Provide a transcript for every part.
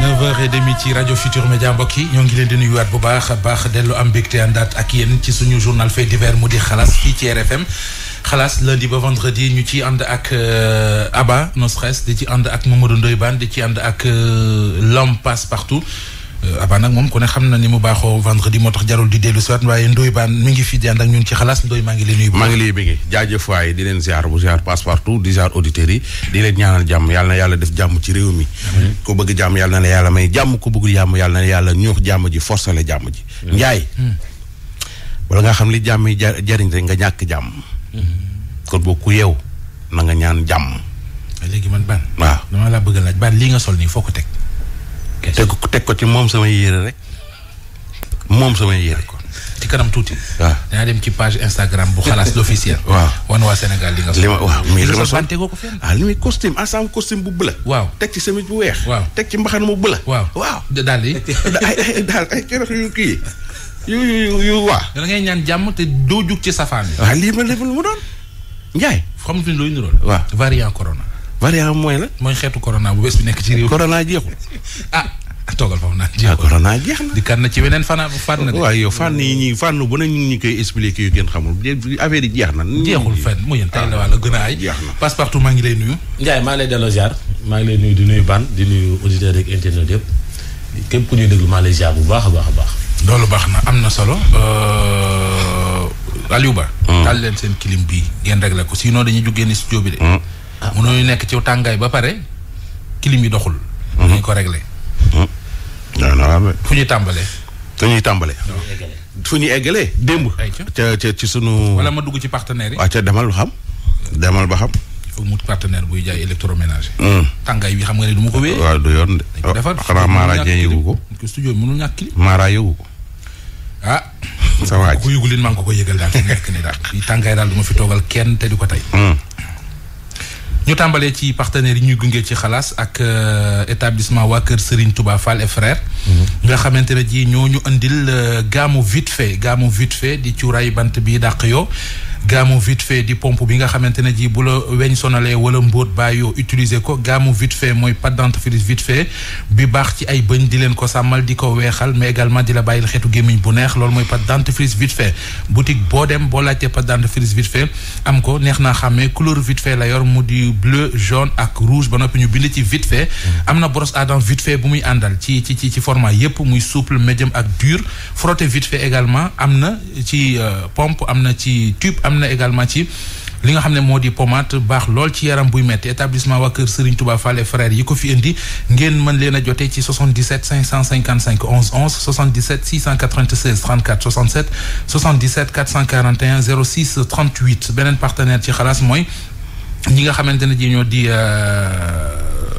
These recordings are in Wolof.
9h30 ci rajo Futur Média mbokk yi ñoo ngi leen di nuyuwaat bu baax a baax dellu am mbégte àndaat ak yéen ci suñu journal fait divers mu di xalaas fii ci RFM xalaas lundi ba vendredi ñu ci ànd ak euh, Abba No Stress di ci ànd ak Mamadou Ndoye Bane di ci ànd ak euh, L'Homme Passe Partout Euh, Abba nag moom ku ne xam na ni mu baaxoo vendredi moo tax jarul di dellu si waat waaye Ndoye Bane mi ngi fi di ànd ak ñun ci xalaas Ndoye maa ngi lay nuyu. maa ngi lay bëggee jaajëf waay di leen ziar bu ziar passe partout di ziar auditeurs yi leen ñaanal jàmm yàlla na yàlla def jàmm ci réew mi. ku bëgg yàlla na la yàlla may jàmm ku bëggul jàmm yàlla na hmm. la nga xam li jàmm yi jariñ rek nga ñàkk jàmm. Hmm. kon boo ku yeew na nga ñaan jàmm. léegi man ban. waaw dama laa bëgg laaj ban lii nga sol nii foo ko teg te teg ko ci moom samay yére rek moom samay yére ko ci kanam tuuti. waa ah. dinaa dem ci page Instagram bu xalaas l'officiel. waaw wan waa Sénégal li nga. li ma waaw mais ko fenn. ah li muy costume ensemble costume bu bëla. waaw teg ci chemise bu weex. waaw teg ci mbaxana mu bëla. waaw waaw daal di. ay ay daal ay keroog yu kii yu yu yu waa. da ngay ñaan jàmm te doo jug ci safaan bi. waaw ah, lii ma lépp lu mu doon Ndiaye. xamatuñ looy niroon. waaw variant corona. variant mooy la. mooy xeetu corona bu bees bi nekk ci réew. corona jeexul ah. Ah, toogal jeex na. di na ci weneen fànn fànn. waaw yow fànn yi ñuy fànn bu ne ñu ngi koy expliquer yu gën xamul affaire jeex na. jeexul fenn mu yéen tey la ah, a ay. na passe partout maa ngi lay nuyu. Ndiaye maa ngi lay delloo ziar ngi lay nuyu di nuyu ban di nuyu auditeurs yeeg internet yëpp képp ku ñuy déglu bu baax a baax a baax. loolu na am na solo. Euh, Aliou Ba. Hmm. taal leen seen clim bi ngeen réglé ko sinon dañuy jugee ni studio bi de. ah hmm. mënoo nekk ci tàngaay ba pare kilim yi doxul. Hmm. ñu ko réglé waaw fu ñuy tàmbalee. fu ñuy tàmbalee. fu ñuy eggalee démb. ca ca ci sunu. wala ma dugg ci partenaire yi. waaw demal ba xam. demal ba xam. il partenaire buy jaay électroménager. Hmm. tàngaay bi xam nga ne du ma ko wéyee. waaw du yoon de. defar xanaa Mara Dieng yëgu ko. studio mënul ñàkk kii. Mara yëgu ko. ah. sa waaj ku yëgu leen maa ko koy yëgal daal fi tàngaay daal du ma fi toogal kenn te du ko tey. Hmm. ñu tàmbalee ci partenaires yi ñuy gunge ci xalaas ak euh, établissement waa kër Serigne Touba Fall et mm-hmm. nga xamante ne ji ñoo ñu indil euh, gaamu vite fait gaamu vite fait di cuuraayu bant bi dàq yoo gaamu vite fait di pompe bi nga xamante ne ji bu la weñ sonalee wala mbóot bàyyoo utiliser ko gaamu vite fait mooy pâte dentifrice vite fait bi baax ci ay bëñ di leen ko sàmmal di ko weexal mais également di la bàyyil xeetu gémmiñ bu neex loolu mooy pâte dentifrice vite fait boo dem boo laajtee pâte dentifrice vite fait am ko neex naa xàmmee couleur vite fait la yor mu di bleu jaune ak rouge ba noppi ñu bind ci vite fait mm. am na brosse à dents vite fait bu muy àndal ci ci ci ci format yépp muy souple am na ci euh, pompe am na ci tube am na également ci li nga xam ne moo di pomade baax lool ci yaram buy metti établissement waa kër Serigne Touba Fallé frère yi ko fi indi ngeen mën leen jotee ci 77 555 11 11 77 696 34 67 77 441 06 38 beneen partenaire ci xalaas mooy ñi nga xamante ne ji ñoo di. Euh,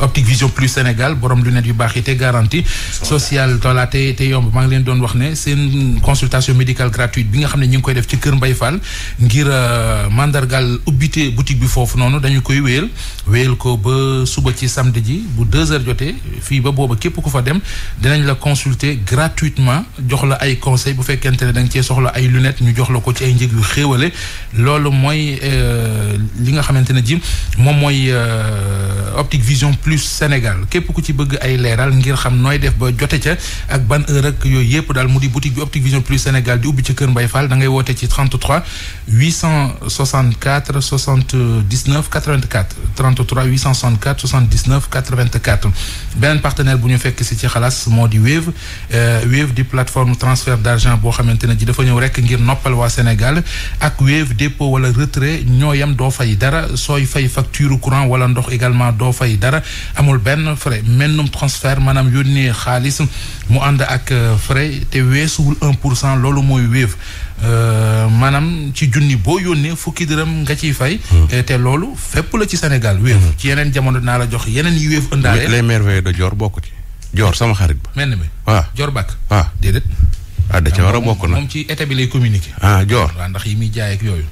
optique vision plus Sénégal borom lunette yu baax yi te garantie social tolaate te te yomb maa ngi leen doon wax ne seen consultation médical gratuite bi nga xam ne ñu ngi koy def ci Kër Mbay Fall ngir euh, mandargal ubbite boutique bi foofu noonu dañu koy wéyal wéyal ko ba suba ci samedi ji bu deux heures jotee fii ba booba képp ku fa dem dinañ la consulter gratuitement jox la ay conseil bu fekkente ne da nga cee soxla ay lunettes ñu jox la ko ci ay njëg yu xéewale loolu mooy euh, li nga xamante ne ji moom mooy euh, optique vision plus Sénégal képp ku ci bëgg ay leeral ngir xam nooy def ba jote ca ak ban heure yooyu yëpp daal mu di boutique bi Optique Vision plus Sénégal di ubbi ci Kër Mbaye Fall da ngay woote ci 33 864 79 84 33 864 79 84 beneen partenaire bu ñu fekk si ci xalaas moo di Wave euh, Wave di plateforme transfert d'argent boo xamante ne ji dafa ñëw rek ngir noppal waa Sénégal ak Wave dépôt wala retrait ñoo yam doo fay dara sooy fay facture courant wala ndox également doo fay dara amul benn frais mennum transfert maanaam yónnee xaalis mu ànd ak euh, frais te weesuwul un pour cent loolu mooy Wave euh, maanaam ci junni boo yónnee fukki dërëm nga ciy fay. Hmm. Euh, te loolu fépp la ci Sénégal Wave. Hmm. ci yeneen jamono dinaa la jox yeneen yi Wave ëndaale. les merveilles de Dior bokk ci. Dior sama xarit ba. mel na mi waaw ah. Dior Bakk. waa ah. déedéet. ah da ca war a bokk nag moom ci état bi lay communiquer. ah Dior ndax yi muy jaay ak yooyu.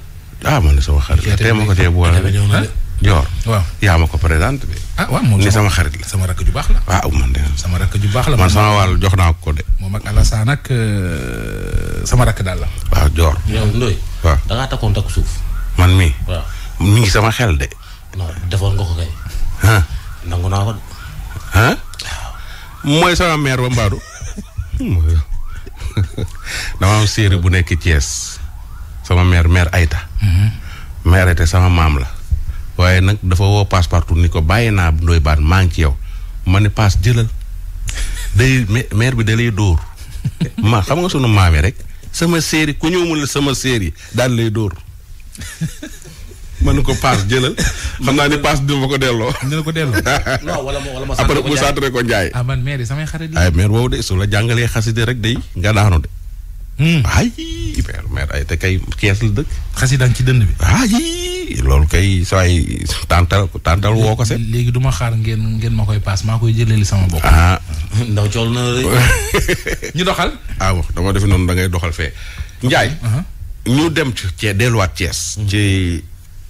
ah man na sama xarit la tey ma ko tee Dior. waaw yaa ma ko présenté. ah waaw ni sama xarit la. sama rakk ju baax la. waaw man de. sama rakk ju baax la man sama wàll jox naa ko de. moom ak euh, sama rakk daal la. waaw Dior. yow Ndoye. waaw suuf. man mii. waaw mi ngi sama xel de. non defoon nga ko kay. mooy sama mère ba Mbadou. dama am bu nekk Thiès. sama mère mère Aïta. Mhm. mère Aïta sama maam la. waaye nag dafa woo passe partout ni ko bàyyi naa ndoy baan maa ngi ci yow ma ne passe jëlal day maire bi da lay dóor ma xam nga sunu maame rek sama séeri ku ñëw mun la sama séeri daal lay dóor mën na ko paas jëlal xam naa ni paas dina ma ko delloo. dina ko delloo. wala ma wala ma après ko Ndiaye. ah man maire samay xarit la. ay maire boobu de su la jàngalee xaside rek day nga daanu de. Hmm. ay te kay kees la dëkk. xasida ci dënd bi. si loolu kay saay tàntal tàntal woo ko se léegi duma xaar ngeen ngeen ma koy paas maa koy jëlee sama bopp. ah ndaw cool na ñu doxal. ah wax dama defe noonu da ngay doxal fee. Ndiaye. Uh-huh. ñu dem ci delluwaat Thiès. Mm-hmm. ci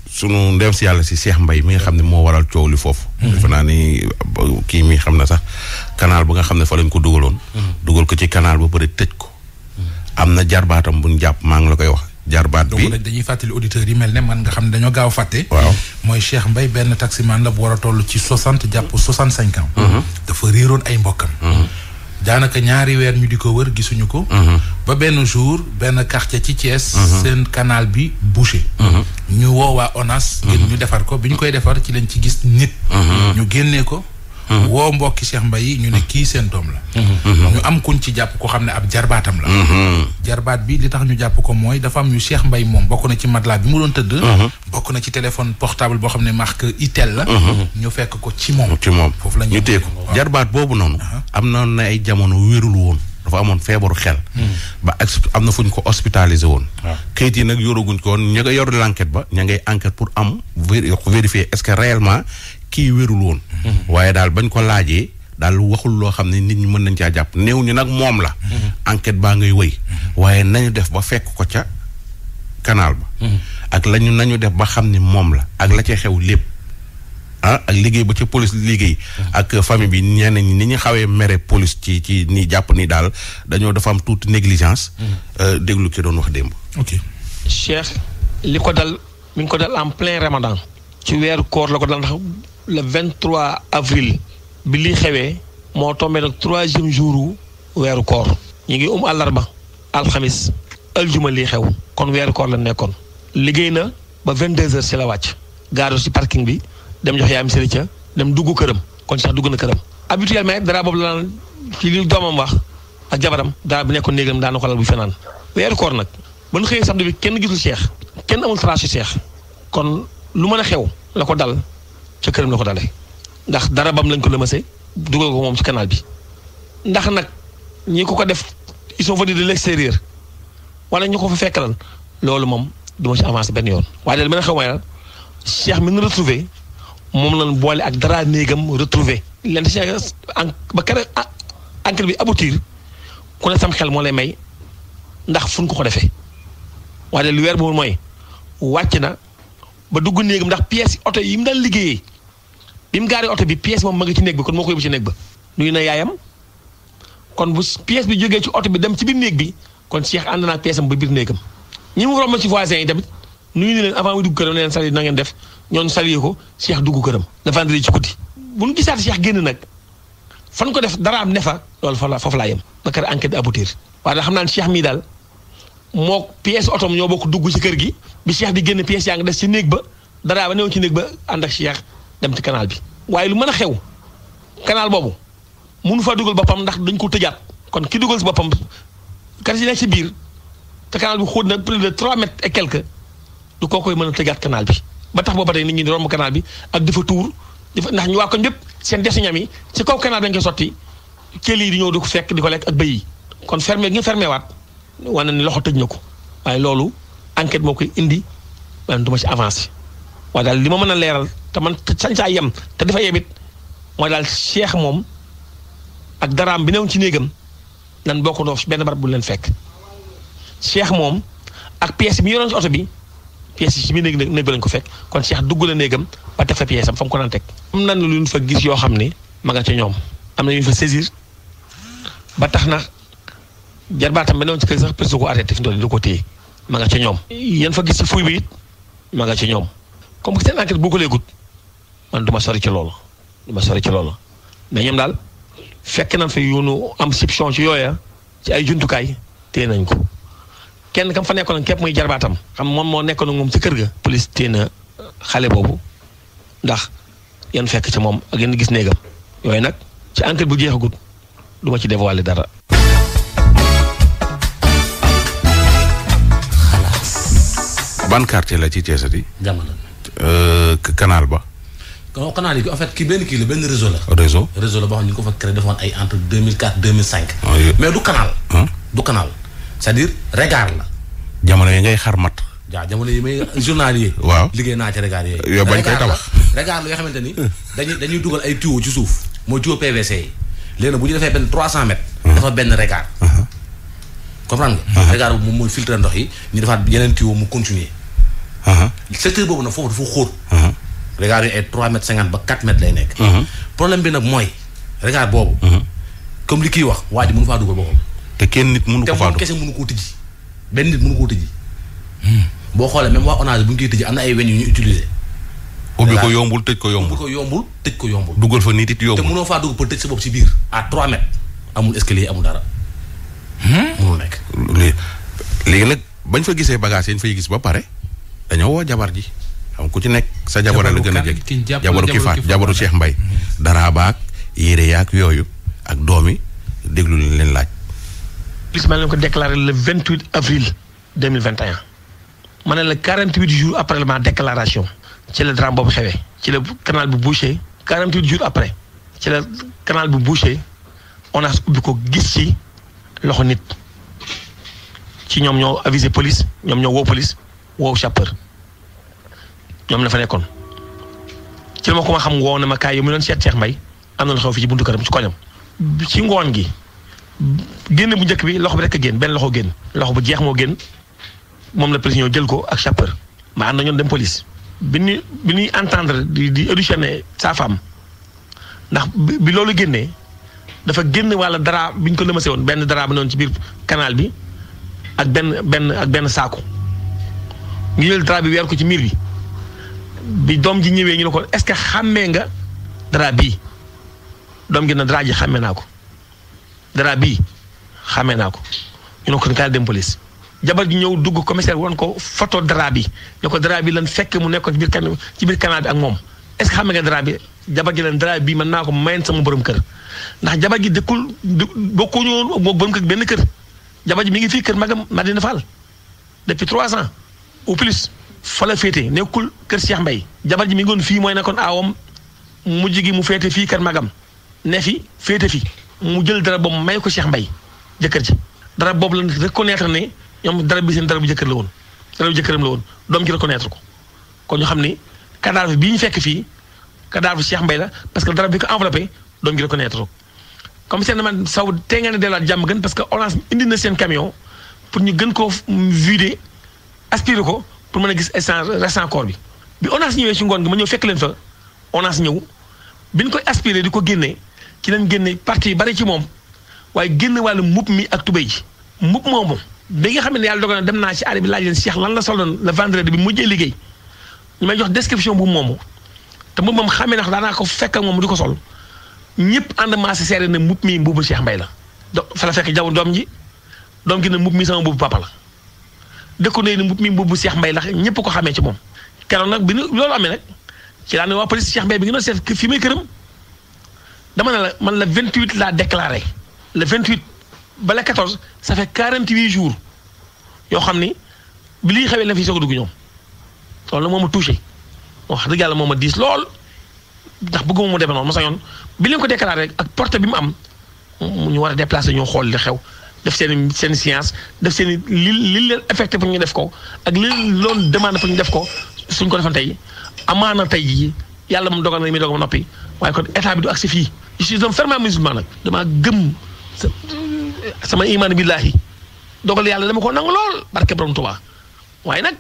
sunu ndem si yàlla si Cheikh mbay mi nga xam ne moo waral coow li foofu. Mm-hmm. defe kii mii xam na sax kanaal ba nga xam ne fa lañ ko dugaloon. Mm-hmm. dugal ko ci kanaal ba bari tëj ko. am na jarbaatam bu jàpp maa ngi la koy wax. jarbaat bi donc dañuy fàttali auditeurs yi mel ne man nga xam ne dañoo gaaw fàtte. waaw mooy Cheikh Mbaye benn taximan la bu war a toll ci soixante jàpp soixante cinq ans. Mhm. dafa réeroon ay mbokkam. Mhm. daanaka ñaari weer ñu di ko wër gisuñu ko. Mhm. ba benn jour benn quartier ci Thiès. seen canal bi bouché. ñu woo ONAS. ngir ñu defar ko bi ñu koy defar ci lañ ci gis nit. ñu génnee ko. Mm-hmm. woo mbokki mbay yi ñu ne kii seen doom la mm-hmm. ñu am kuñ ci jàpp ko xam ne ab jarbaatam la mm-hmm. jarbaat bi li tax ñu jàpp ko mooy dafa am ñu Cheikh mbay moom bokk na ci matelas bi mu doon tëdd bokk na ci téléphone portable boo xam ne mark Itel la ñu fekk ko ci moom ci moom foofu la ñu téye ko jarbaat boobu noonu uh-huh. am na ay jamono wérul woon dafa amoon feebaru xel. Hmm. ba ex am na fu ñu ko hospitalisé woon. waaw ah. kayit yi nag yoraguñ ko woon ña nga yor l'enquête ba ña ngay enquête pour am vérifier est-ce que réellement kii wérul woon. Hmm. waaye daal bañ ko laajee. daal waxul loo xam ne nit ñi mën nañ caa jàpp néew ñu nag moom la. Hmm. enquête baa ngay wëy. waaye nañu def ba fekk ko ca kanaal ba. ak lañu nañu def ba xam ni moom la ak la ca xew lépp. ah ak liggéey ba ci police liggéey mm-hmm. ak famille bi ñenn ñi ni ñu xawee mere police ci ci ni jàpp ni daal dañoo dafa am tuuti négligence mm-hmm. euh, déglu ki doon wax démb ok Cheikh li ko dal mi ngi ko dal en plein ramadan ci weeru koor la ko dal ndax le 23 avril bi li xewee moo tombé nag troisième jour weeru koor ñu ngi um àllarba alxamis aljuma lii xew kon weeru koor la nekkoon liggéey na ba 22 heures ci la wàcc gaaru ci parking bi dem jox yaayam sëriñ ca dem dugg këram kon sax dugg na këram habituellement dara boobu la naan ci li doomam ak jabaram dara bu nekkoon néegam daan na ko lal bu fenaan weeru koor nag ba xëyee samedi bi kenn gisul seex kenn amul trace yu seex kon lu mën a xew la ko dal ca këram dara bam lañ ko lëmase dugal ko moom ci canal bi ndax nag ñi ko ko def ils sont venus wala ñu ko fa fekkalan loolu moom du ma ci benn yoon waaye a xew may la seex mi nu retrouvé moom lañ boole ak dara néegam retrouvé leen si ba kere ah, enquête bi aboutir ku ne sam xel moo lay may ndax fuñ ko ko defee waaye lu weer boobu mooy wàcc na ba dugg néegam ndax pièce oto yi mu daan liggéeyee bi gaaree oto bi pièce moom ma ngi ci néeg kon moo ko yóbbu ci néeg ba nuyu na yaayam kon bu pièce bi jógee ci oto bi dem ci biir néeg bi kon Cheikh ànd naa pièce am ba biir néegam ñi mu romb ci voisin yi tamit nuyu ni leen avant muy dugg këram ne leen sax na ngeen def ñoo ñoon salué ko Cheikh dugg këram le vendredi ci guddi bu ñu gisaat Cheikh nag fan ko def dara am ne fa loolu fa foofu laa yem ba kër enquête aboutir waaye xam naa ne Cheikh mii daal moo pièce otom ñoo bokk dugg ci kër gi bi Cheikh di génn pièce yaa ngi des ci néeg ba dara ba ci néeg ba ànd ak Cheikh dem ci canal bi waaye lu mën a xew canal boobu mënu faa dugal boppam ndax dañ koo tëjaat kon ki dugal si boppam kar si nekk si biir te canal bi xóot na plus de 3 et quelque du koo koy mën a tëjaat canal bi ba tax booba tey nit ñi di romb canal bi ak dafa tuur dafa ndax ñu waa ko ñëpp seen desi ñam yi ci kaw canal dañ koy sotti kéel di ñëw di ko fekk di ko lekk ak bëy yi kon fermé gi fermé waat wane ni loxo tëj na ko waaye loolu enquête moo koy indi man du ma ci avancé waaye daal li ma mën a leeral te man sañ saa yem te dafa yebit mooy daal Cheikh moom ak daraam bi newoon ci néegam lan nan bokkandoo benn barab bu leen fekk Cheikh moom ak pièce bi yoroon ci bi pièces yi ci biir néeg néeg bi lañ ko fekk kon Cheikh dugg la néegam ba teg fa pièce am fa ko daan teg. am na lu ñu fa gis yoo xam ne ma nga ca ñoom am na ñu fa saisir ba tax na jarbaatam ba newoon ci kër sax ko arrêté fi mu du ko téye ma nga ca ñoom. yéen fa gis ci fuy bi it ma nga ci ñoom comme que seen enquête boo ko léegut man du ma sori ci loolu du ma sori ci loolu mais ñoom daal fekk nañ fa yoonu am soupçon ci yooya ci ay jumtukaay téye nañ ko. kenn kam fa nekkoon képp muy jarbaatam xam moom moo nekkoon moom ci kër ga. police téye na euh, xale boobu ndax yan fekk ci moom ak yan gis néegam yooyu nag ci enquête bu jeexagut du ci ci dévoiler dara. ban quartier la ci Thièsati. jamono. Euh, canal ba. non canal yi en fait kii benn kii la benn réseau la. réseau réseau la boo xam ne ah, mais du kanaal du kanaal c'est-à-dire regard la. jamono yi ngay xar mat. waaw jamono yi may journalier. waaw liggéey naa ci regard yooyu. yow bañ koy tabax regard la yoo xamante ni dañuy dañuy dugal ay tuyaux ci suuf mooy tuyau PVC yi léegi bu ñu defee benn 300 mètres. Uh-huh. dafa benn regard. Uh-huh. comprendre nga. Uh-huh. regard boobu moom mooy filtre ndox yi ñu defaat yeneen tuyau mu continuer. secteur boobu nag foofu dafa xóot. regard yooyu ay 3 mètres 50 ba 4 mètres lay nekk. problème bi nag mooy regard boobu. comme li kii wax waa ji mënu faa dugal boppam. te kenn nit mënu ko faa te kese mënu koo tëjji benn nit mënu koo tëjji. boo xoolee même waa ONAS bu ñu koy tëjji am na ay weñ yu ñu utiliser. ubbi ko yombul tëj ko yombul ubbi ko yombul ko yombul. dugal fa nit it yombul te mënoo faa dugg pour tëj sa bopp si biir. à 3 mètres amul escalier amul dara. Hmm? mënul nekk. léegi nag bañ fa gisee bagage yi ñu fay gis ba pare dañoo woo jabar ji xam ku ci nekk sa jabara la gën a jege jabaru ki faat jabaru Cheikh mbay hmm. dara baag yére yaag yooyu ak doom yi déglu leen laaj. police maa ngi leen ko déclaré le 28 avril 2021 ma ne la 48 jours après ma déclaration ci la drame boobu xewee ci la canal bu bouché 48 jours après ci la canal bu bouché ONAS ubbi ko gis ci loxo nit ci ñoom ñoo avisé police ñoom ñoo woo police woo sapeur ñoom la fa nekkoon ci la ma ko ma xam woo na ma kaay yow mi doon seet Cheikh Mbaye am na lu xew fii ci buntu këram ci koñam ci ngoon gi. génn bu njëkk bi loxo bi rek a génn benn loxo génn loxo bu jeex moo génn moom la président jël ko ak chapeur ma ànd na ñoon dem police bi ñuy bi ñuy entendre di di auditionné sa ndax bi loolu génnee dafa génn walla dara bi ñu ko lëmase woon benn dara bi noonu ci biir canal bi ak benn benn ak benn saako ñu jël dara bi weer ko ci miir bi bi doom ji ñëwee ñu ne ko est-ce que xàmmee nga dara bi doom gi dara ji xàmmee naa ko dara bii xamee naa ko ñu ne ko kaay dem police jabar ji ñëw dugg commissaire won ko photo dara bi ne ko dara bi lan fekk mu nekkoon ci biir kan ci biir canal bi ak moom est-ce que xam dara bi jabar ji lan bi mën naa ko mayen sama borom kër ndax jabar ji dëkkul bokkuñu woon moo borom kër benn kër jabar ji mi ngi fii kër magam Madina Fall depuis trois ans ou plus fa la féete nekkul kër Cheikh mbay jabar ji mi ngi woon fii mooy nekkoon aawam mujj gi mu féete fii kër magam ne fi féete fi mu jël dara boobu may ko Cheikh Mbaye jëkkër ji dara boobu la reconnaître ne ñoom dara bi seen dara bu jëkkër la woon dara bu jëkkëram la woon doom ji reconnaître ko kon ñu xam ni cadavre bii ñu fekk fii cadavre Cheikh mbay la parce que dara bi ko enveloppé doom ji reconnaître ko comme seen man saw te ngeen di jàmm gën parce que orange indi na seen camion pour ñu gën koo vider aspiré ko pour mën a gis essence restant corps bi bi orange ñëwee ci ngoon gi ma ñëw fekk leen fa orange ñëw bi ñu koy aspiré di ko génnee ci leen génne parti yu bari ci moom waaye génn wàllu mbubb mi ak tubéy ji mbubb moomu bi nga xam ne yàlla dogal na dem naa ci àll bi laaj leen Cheikh lan la soloon le vendredi bi mujjee liggéey ñu may jox description bu moomu te mbubb moom xamee ndax daanaa ko fekk ak moom di ko sol ñëpp ànd maase seere ne mbubb mi mbubu seex Mbaye la. do fa la fekk jaww doom ji doom gi ne mbubb mi sama mbubbu papa la dëkku ne ni mbubb mi mbubbu Cheikh Mbaye la ñëpp ko xamee ci moom keroog nag bi loolu amee nag ci laa ne waa police Cheikh Mbaye bi nga doon seet fi may këram dama ne la man la 28 laa déclaré le 28 ba la 14 ça fait 48 jours yoo xam ni bi lii xewee la fi soog a dugg ñoom loolu la moo ma touché wax dëgg yàlla moo ma diis lool ndax bëgguma mu demee noonu ma sañoon bi leen ko déclaré rek ak porte bi mu am ñu war a déplacé ñoo xool li xew def seen seen science def seen li li leen affecté pour ñu def ko ak li demande pour ñu def ko suñ ko defan tey amaana tey jii yàlla moom dogal na mi dogal ma noppi waaye kon état bi du agsi fii je suis un fervent musulman nag damaa gëm sama imaan billaahi dogal yàlla dama ko nangu lool barke borom Tuubaa waaye nag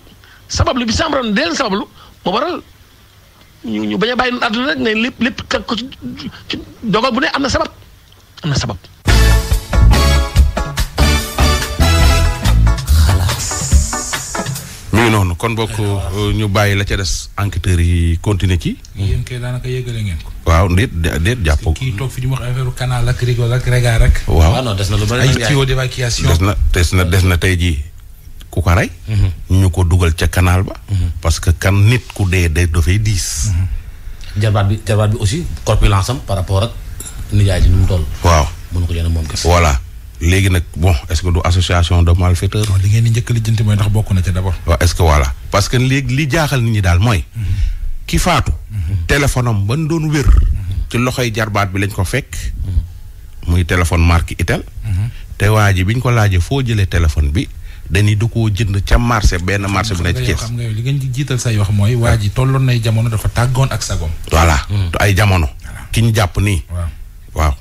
sabablu bi sàmm ren delloo sabablu moo waral ñu ñu bañ a bàyyi àdduna rek ne lépp lépp teg ko ci bu ne am na sabab am na sabab. mi ngi noonu kon bokk ñu bàyyi la ca des enquêteurs yi continuer ci. yéen kay daanaka yëgale ngeen ko. waaw déet déet jàppoo. kii toog fi ñu wax affaire canal ak rigol ak rega rek. waaw ah des na lu bari ay tuyaux d'évacuation des na des na des na tey jii ku ko rey. Mhm. ñu ko dugal ca canal ba. Mhm. parce que kan nit ku dee de dafay diis. Mhm. jabaat bi jabaat bi aussi corpulence am par rapport ak nijaay ji nu mu toll. waaw mënu ko jënd moom kese. léegi nag bon est-ce que du association de malfaiteurs. li ngeen di njëkk a lijjanti mooy bokk na ci d'abord. waaw est-ce que voilà parce que léegi li jaaxal nit ñi daal mooy. Mhm. ki faatu. Mhm. téléphone am ban doon wér. Mhm. ci loxoy jarbaat bi lañ ko fekk. muy téléphone marque Itel. te waa ji biñ ko laajee foo jëlee téléphone bi. dañuy du koo jënd ca marché benn marché bu ne ci Thiès xam nga li ngeen di jiital say wax mooy waa ji tolloon nay jamono dafa tàggoon ak sagom voilà hmm. ay jamono ki ñu jàpp nii waaw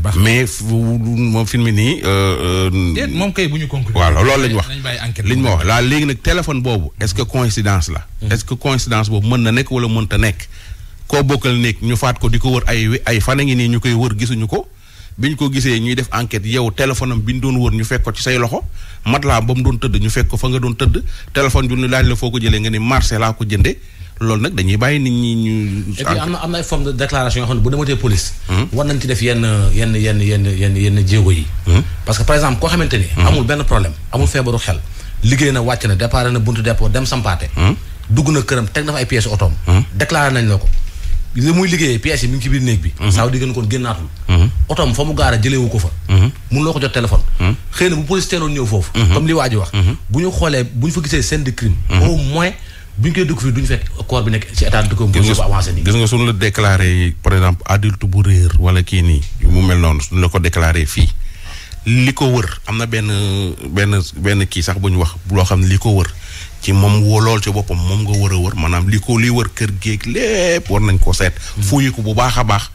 kon mais moom film nii. Euh, euh, déet moom kay bu ñu conclure. waaw loolu la ñu wax li ñu ma wax laa léegi nag téléphone boobu est-ce que coïncidence la. Hmm. est-ce que coïncidence boobu mën na nekk wala mënta nekk. koo bokkal nekk ñu faat ko di ko wër ay ay fan a ngi nii ñu koy wër gisuñu ko ñu ko gisee ñuy def enquête yow téléphone bi ñu doon wër ñu fekk ko ci say loxo laa ba mu doon tëdd ñu fekk ko fa nga doon tëdd téléphone bi ñu laaj la foo ko jëlee nga ni marché laa ko jëndee. loolu nag dañuy bàyyi nit ñi ñu. et puis am na am na ay forme de déclaration yoo xam ne bu dematee police. Hmm? war nañ ci def yenn yenn yenn yenn yenn yenn jéego yi. Hmm? parce que par exemple koo xamante ni. Hmm? amul benn problème amul feebaru xel. liggéey na wàcc na départ na buntu dépôt dem sampaate. dugg na këram teg na fa ay pièces otoom. déclaré nañ la ko. li muy liggéeyee pièces yi mi ngi ci biir néeg bi. saa di gën kon génnaatul. otoom fa mu gaara jëlewu ko fa. mun loo ko jot téléphone. xëy na bu police teeloon ñëw foofu. comme li waa bu ñu xoolee bu ñu fa gisee scène bu ñu koy dugg fii du ñu fekk corps bi nekk ci état décomposition bu avancé nii. gis nga suñu la déclaré par exemple adulte bu réer wala kii nii mu mel noonu suñu la ko déclaré fii li ko wër am na benn benn benn kii sax bu ñu wax loo xam ne li ko wër ci moom woo lool boppam moom nga wër a wër maanaam li ko li wër kër géeg lépp war nañ ko seet. Mm. fuuy ko bu baax a baax.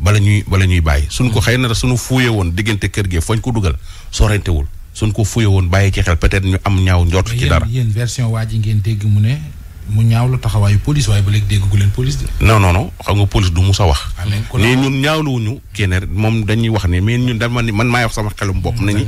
bala ñuy bala ñuy bàyyi suñ ko mm. xëy na suñu fuuye woon diggante kër gi fooñ ko dugal sorentewul suñ ko fuuye woon bàyyi ci xel peut-être ñu am ñaaw njort ci waa ji ngeen dégg mu ne mu ñaaw la taxawaayu police waaye ba léegi déggu leen police de. non non non xam nga police du musa wax. mais ñun ñaawluwuñu keneen moom dañuy wax ne mais ñun dama ni man maay wax sama xelum bopp nañu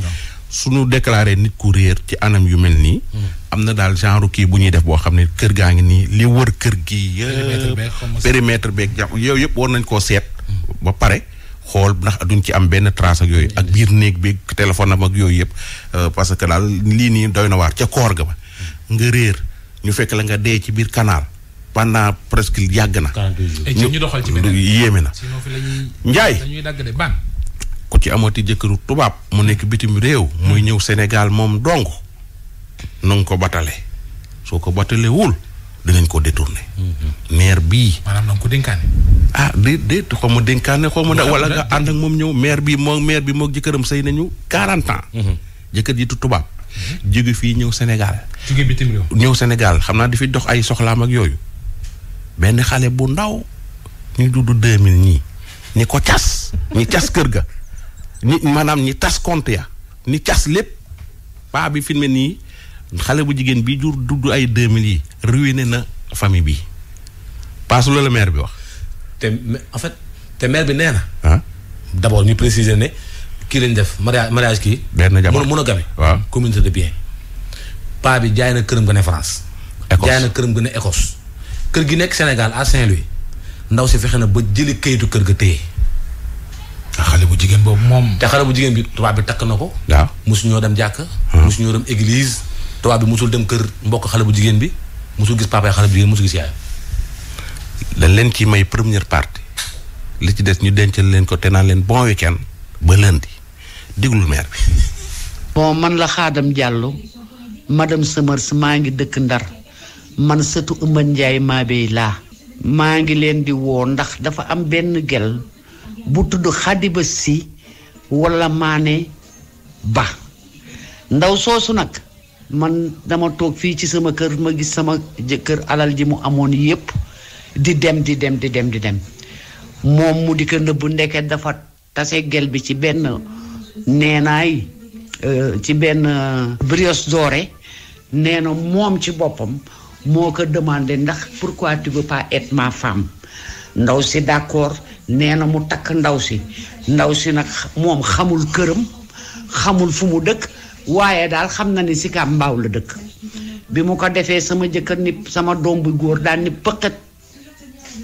suñu déclaré nit ku réer ci anam yu mel nii. Hmm. am na daal genre kii bu ñuy def boo xam ne kër gaa ngi nii li war kër gi yëpp. périmètre beeg jaxu yow yëpp war nañ koo seet. Hmm. ba pare xool ndax duñ ci am benn trace ak yooyu ak biir néeg bi téléphone am ak yooyu yëpp euh, parce que daal lii nii doy na waar ca koor ga ba hmm. nga réer. ñu fekk la nga dee ci biir canal pendant presque yàgg na. ñu doxal ci beneen yéeme na. njaay ku ci amati jëkkëru tubaab mu nekk bitim réew. muy ñëw senegal moom dong na nga ko batale soo ko batale wul dinañ ko détourné. Mm-hmm. maire bii. maanaam na nga ko dénkaane. ah déedéet xaw ma dénkaane xaw ma da wala nga ànd ak moom ñëw maire bii moom maire bi moog jëkkëram sëy nañu 40 ans. Mm-hmm. jëkkër ji tubaab. jóge fii ñëw Sénégal. jóge bitim réew ñëw Sénégal xam naa fi dox ay soxlaam ak yooyu benn xale bu ndaw ñu dudd 2000 ñii ni ko cas ñi cas kër ga ñi maanaam ñi tas compte ya ñi cas lépp paa bi fi mu ne nii xale bu jigéen bi jur dudd ay 2000 yi ruiné na famille bi paas loolu la maire bi wax. te en fait te maire bi nee na. Ah. d'abord ñu préciser ne. kii lañ def mariage mariage kii. benn jamono mun a game. waaw communauté de bien. paa bi jaay na këram ga ne France. Écosse jaay na këram ga ne Écosse. kër gi nekk Sénégal à Saint-Louis ndaw si fexe na ba jëli kayitu kër ga téye. te ah, xale bu jigéen boobu moom. te xale bu jigéen bi tubaab bi takk na ko. waaw mosu ñoo dem jàkka. mosu ñoo dem église. tubaab bi mosul dem kër mbokk xale bu jigéen bi mosul gis papa xale bu jigéen mosul gis yaayam. dañ leen ci may première partie li ci des ñu dencal leen ko te naan leen bon week-end ba déglul man la xaadam Diallo madame Semers maa ngi dëkk Ndar man sëtu njaay Ndiaye Mabey laa. maa ngi leen di woo ndax dafa am benn gel bu tudd Xadiba Si wala Maane Ba ndaw soosu nag man dama toog fii ci sama kër ma gis sama jëkkër alal ji mu amoon yépp di dem di dem di dem moom mu di ko nëbbu ndeke dafa tase gel bi ci benn. neenaay euh, ci benn euh, brioche dorée nee na moom ci boppam moo ko demande ndax pourquoi tu veux pas être ma femme ndaw si d'accord nee na mu takk ndaw si ndaw si nag moom xamul këram xamul fu mu dëkk waaye daal xam na ni si kaam mbaaw la dëkk bi mu ko defee sama jëkkër ni sama doom bu góor daal ni pëqat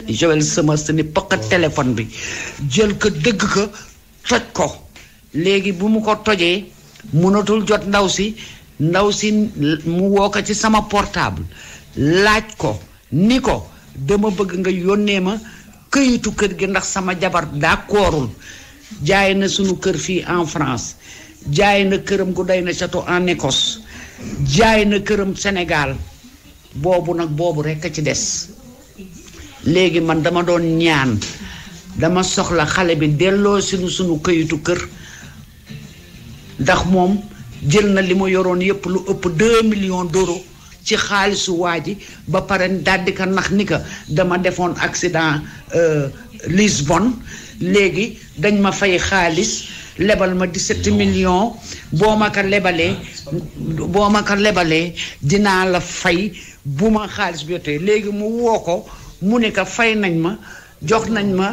Joël Semence ni pëqat téléphone bi jël ko dëgg ko toj ko léegi bu mu ko tojee mënatul jot ndaw si ndaw si mu woo ko ci sama portable laaj ko ni ko dama bëgg nga yónnee ma këyitu kër gi ndax sama jabar d'accordul jaay na sunu kër fii en France jaay na këram gu day na château en Écosse jaay na këram Sénégal boobu nag boobu rekk a ci des léegi man dama doon ñaan dama soxla xale bi delloo sinu sunu këyitu kër ndax moom jël na li ma yoroon yépp lu ëpp deux million d'euros ci xaalisu waa ji ba pare daldi ka nax ni ka dama defoon accident euh, Lisbonne léegi dañ ma fay xaalis lebal ma 17 millions boo ma ko lebalee ah, boo ma ko lebalee dinaa la fay bu ma xaalis bi jotee léegi mu woo ko mu ne ka fay nañ ma jox nañ ma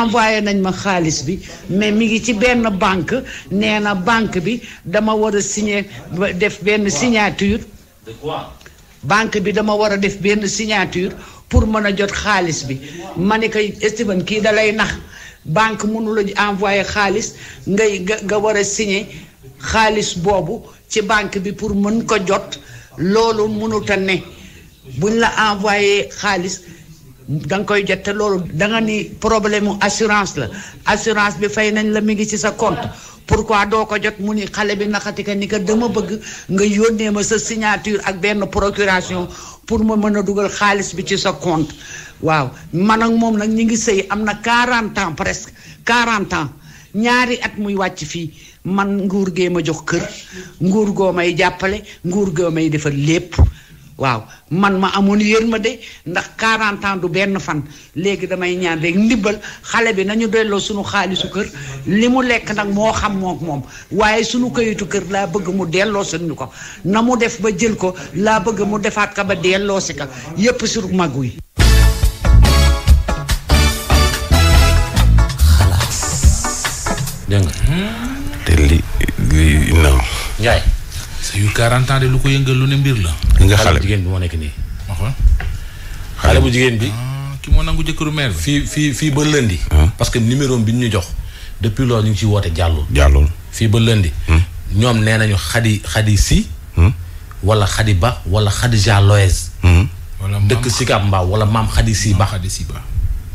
envoyé nañ ma xaalis bi mais mi ngi ci benn banque nee na banque bi dama war a signé def benn signature banque bi dama war a def benn signature pour mën a jot xaalis bi ma ne ko Steven kii dalay nax banque mënula envoyé xaalis ngay nga nga war a signé xaalis boobu ci banque bi pour mën ko jot loolu mënuta ne buñ la envoyé xaalis da nga koy jot te loolu da nga ni problème mu assurance la assurance bi fay nañ la mi ngi ci sa compte pourquoi doo ko jot mu ni xale bi naxati ka ni que dama bëgg nga yónnee ma sa signature ak benn procuration pour ma mën a dugal xaalis bi ci sa compte waaw man ak moom nag ñu ngi sëy am na 40 ans presque quarante ans ñaari at muy wàcc fii man nguur géem a jox kër nguur goo may jàppale nguur goo may defal lépp. waaw man ma amoon ma de ndax 40 du benn fan léegi damay ñaan rek ndimbal xale bi nañu delloo suñu xaalisu kër li mu lekk nag moo xam mook moom waaye suñu kayitu kër laa bëgg mu delloo suñu ko na mu def ba jël ko laa bëgg mu defaat ka ba delloo si ka yépp sur magu yi te li li non yu 40 ans de lu ko yëngal lu ne mbir la. nga xale bu jigéen bi ah, ki moo nangu jëkkëru maire bi. fii fii ba lëndi ah. parce que numéro bi ñu jox. depuis lool ñu ngi ciy woote jàllul. jàllul fii ba lundi. Hmm. ñoom nee nañu xadi xadi si. wala xadi ba wala xadi ja loes. wala maam dëkk Sika Mbaaw wala maam xadi si ba.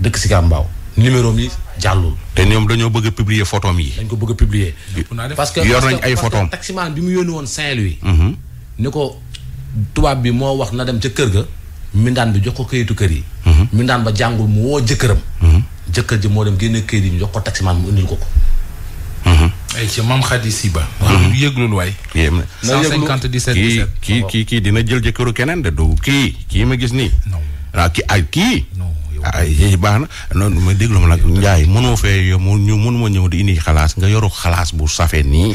dëkk Sika Mbaaw numéro bi jàllul. te ñoom dañoo bëgg a publier photom yi. parce que yor nañ ay photom taximaan bi mu yónni woon Saint-Louis. Mhm. ni ko tubaab bi moo wax na dem ca kër ga. mindaan bi jox ko këyitu kër yi. Mhm. mindaan ba jàngul mu woo jëkkëram. Mhm. jëkkër ji moo dem génne këyit yi ñu jox ko taximaan mu indil ko ko. ay ci mam Khady Siba. waaw yëglul waay. yéen na yëglu 150 17 17. kii kii kii dina jël jëkkëru keneen de du kii kii ma gis nii. non ah ay kii. ah yéen baax na non ma déglu ma nag Ndiaye mënoo fee yow ñu mënuma ñëw di indi xalaas nga yoru xalaas bu safe nii.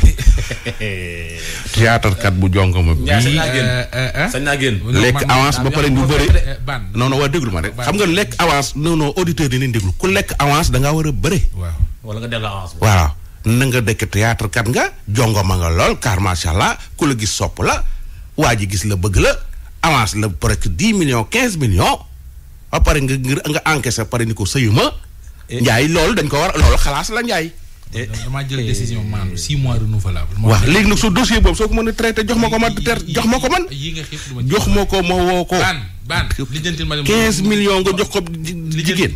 théâtre kat bu jonk ma. bii sañ naa génn euh, euh, lekk avance ba pare ñu bëri. non waa déglu ma rek xam nga lekk avance non non auditeur dinañ déglu ku lekk avance da ngaa war a bëri. waaw wala nga dellu na nga dëkk théâtre kat nga jongo ma nga lool car macha allah ku la gis sopp la waa ji gis la bëgg la avance la presque dix million quinze millions. ba pare nga nga encaissé pare ni ko sëyu ma. Eh. Ndiaye dañ ko war loolu xalaas la Ndiaye. Eh, eh. damaa léegi nag su dossier boobu soo ko mën a traité jox ma ko man jox ma ko man. jox ma woo ko. quinze millions nga jox ko jigéen.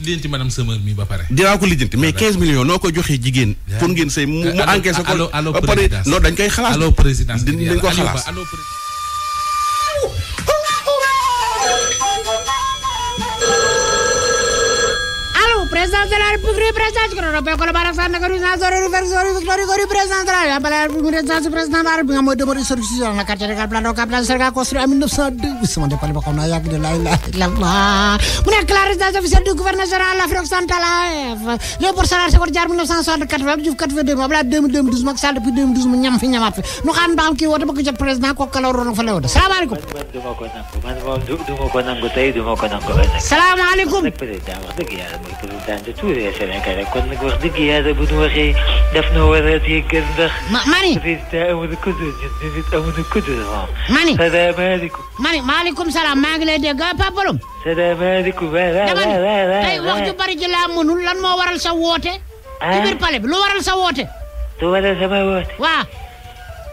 mi ba pare. dinaa ko lijjanti mais ah, quinze millions noo koy joxee jigéen. pour ngeen sëy mu mu ko. pare non dañ koy xalaas. dañ ko xalaas. ፕሬዚዳንት ዘላሪ ፍቅሪ ፕሬዚዳንት ቅሮ ነው በቆሎ ባራሳ ነገሩ ና ዞሮ ሪቨር ዞሮ ዞሮ ዞሮ ፕሬዚዳንት ዘላሪ አባላር ፕሬዚዳንት ፕሬዚዳንት ማር ቢሆን ወደ ሞሪ ሰርቪስ ይዛል ና ካቸ ደጋር ብላዶ ካብላ ሰርጋ ኮስሪ አሚን ነፍስ አድ ውስማ እንደ ቆሎ ባቆና ያ ግደ ላይ ላይ ለላ ምን ያክላር ዛ ዘፍ ሰዱ ጉቨርነር ጀነራል አፍሪክ ሳንታ ላይ ለፖር ሰራር ሰቆር ጃር ምን ነፍስ አንሷል ከት በብ ጅፍ ከት በደ ማብላ ደም ደም ዱዝ መክሳል ደም ደም ዱዝ ምኛም ፍኛ ማፍ ነው ካን ባም ኪ ወደ በከጀ ፕሬዚዳንት ኮከለው ነው ፈለ ወደ ሰላም አለይኩም ሰላም አለይኩም seetaan de tout Sénégal rek kon nag wax dëgg yàlla bu ñu waxee daf na war a yëggal ndax. ma mani président amul kudd ñun nit amul kudd waaw. mani salaamaaleykum. mani maaleykum salaam maa ngi lay dégg ah, Pape Baloum. salaamaaleykum. dama ni tey wax ju bari ji laa mënul lan moo waral sa woote. ah ci biir pale bi lu waral sa woote. lu waral sama woote. waaw.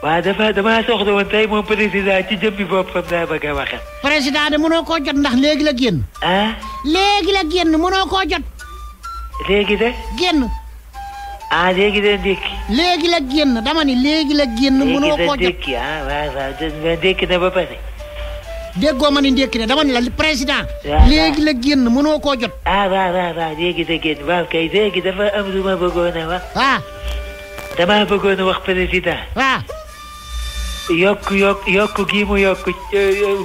waaw dafa damaa soxla woon tey moom président ci jëmmi boppam laa bëgg a waxal. président de mënoo koo jot ndax léegi la génn. ah. léegi la génn mënoo koo jot. léegi de. génn. ah léegi la génn dama léegi la génn. mënoo koo jot ah, ba pare. déggoo ma ni ndékki ne la président. léegi la génn mënoo koo jot. ah waaw waaw waaw léegi de génn waaw kay léegi dafa am lu ma bëggoon a wax. Ah. waaw. Ah. yokk yokk yokk gii yokk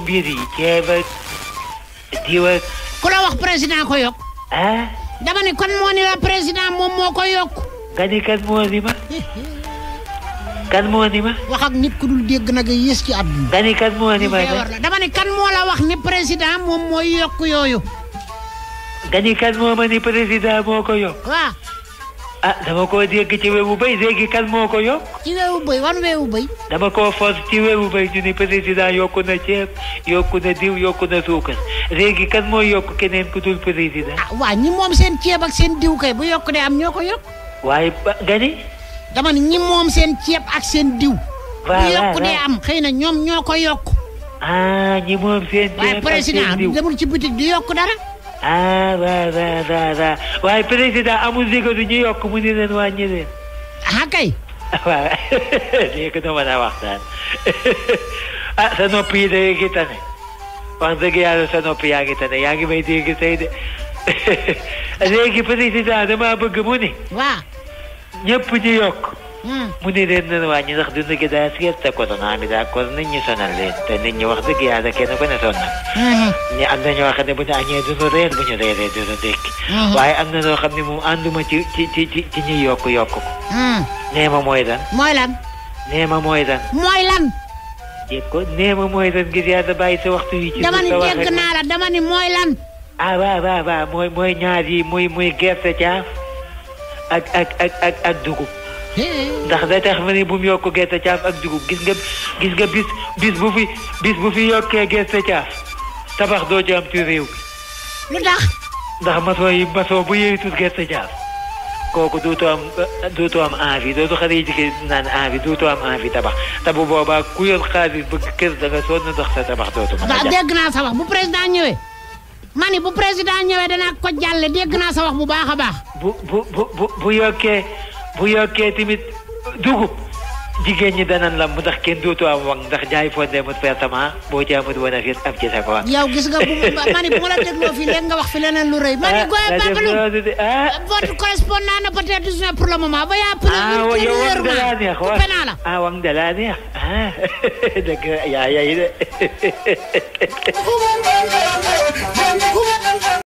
mbir yi ceeb ku la wax président ko yokk. dama ne kan moo ni la président moom moo ko yokk. nga ni kan moo ni ma. kan moo ni nit ku dul dégg nag yées ci àdduna. nga ni kan moo ni ma dama ne kan moo la wax ni président moom mooy yokk yooyu. nga ni kan moo ma ni président moo ko yokk. waaw. ah dama koo dégg ci weewu béy léegi kan moo ko yokk. ci weewu béy wan weewu béy. dama koo fos ci weewu béy ñu ni président yokku na ceeb yokku na diw yokku na suukar léegi kan moo yokk keneen ku dul président. ah waa ñi moom seen ceeb ak seen diw bu yokk de am ñoo ko yokk. waaye ba dama ni ñi moom seen ceeb ak seen diw. bu yokk de am xëy na ñoom ñoo ko yokk. ah ñi moom seen ceeb ak seen diw waaye ci boutique di yokk dara. ah waaw waaw waaw waaw waaye président amul njëkk du ñu yokk mu ni leen wàññi leen. ah kay. waaw léegi nu ma la waxtaan ah sa nopp day ngi tane wax dëgg yàlla sa nopp yaa ngi tane yaa ngi may dégg tey de léegi président damaa bëgg mu ni. waaw. ñëpp ñu yokk. mu ni leen nan wàññi ndax dund gi daa seet daa kor nit ñi wax dëgg yàlla kenn ku ne sonal ñi am na ñoo xam ne bu ñu bu ñu reeree duñu dékk waaye am na loo xam ne moom ànduma ci ci ci ci ñuy yokk yokk ko mooy lan mooy lan nee ma mooy lan mooy lan dégg ko nee mooy lan ngir yàlla bàyyi sa waxtu yi ci dama ni dégg naa la dama ni mooy lan ah waaw waaw mooy ñaar yi muy muy gerte caaf ak ak ak dugub ndax day tax ma ne bu mu yokk gerte caaf ak dugub gis nga gis bis bu fi bu fi yokkee gerte caaf tabax doo ci am ci réew lu tax. ndax maçon yi maçon bu yëyitul gerte caaf kooku dootoo am dootoo am envie dootu xale yi jigéen tabax te bu boobaa ku yor xaalis bëgg kër da nga ndax sa tabax dootu mën a ndax naa sa bu président ñëwee. ma bu président ñëwee danaa ko jàlle dégg naa sa bu baax a baax. bu bu yokkee. bu yokkee tamit dugub jigéen ñi danañ la ndax kenn dootu am wang ndax jaay fonde mut pertement boo ci amut woon a fit am ci sa koon yow gis nga bu ma bu ma la dégloo fii léegi wax fi leneen lu rëy ma ni ah, goye Babalu ah. votre correspondant na peut-être besoin pour le moment ba yaa prioritairement coupé naa la ah wang da laa neex ah dëgg yaa yay de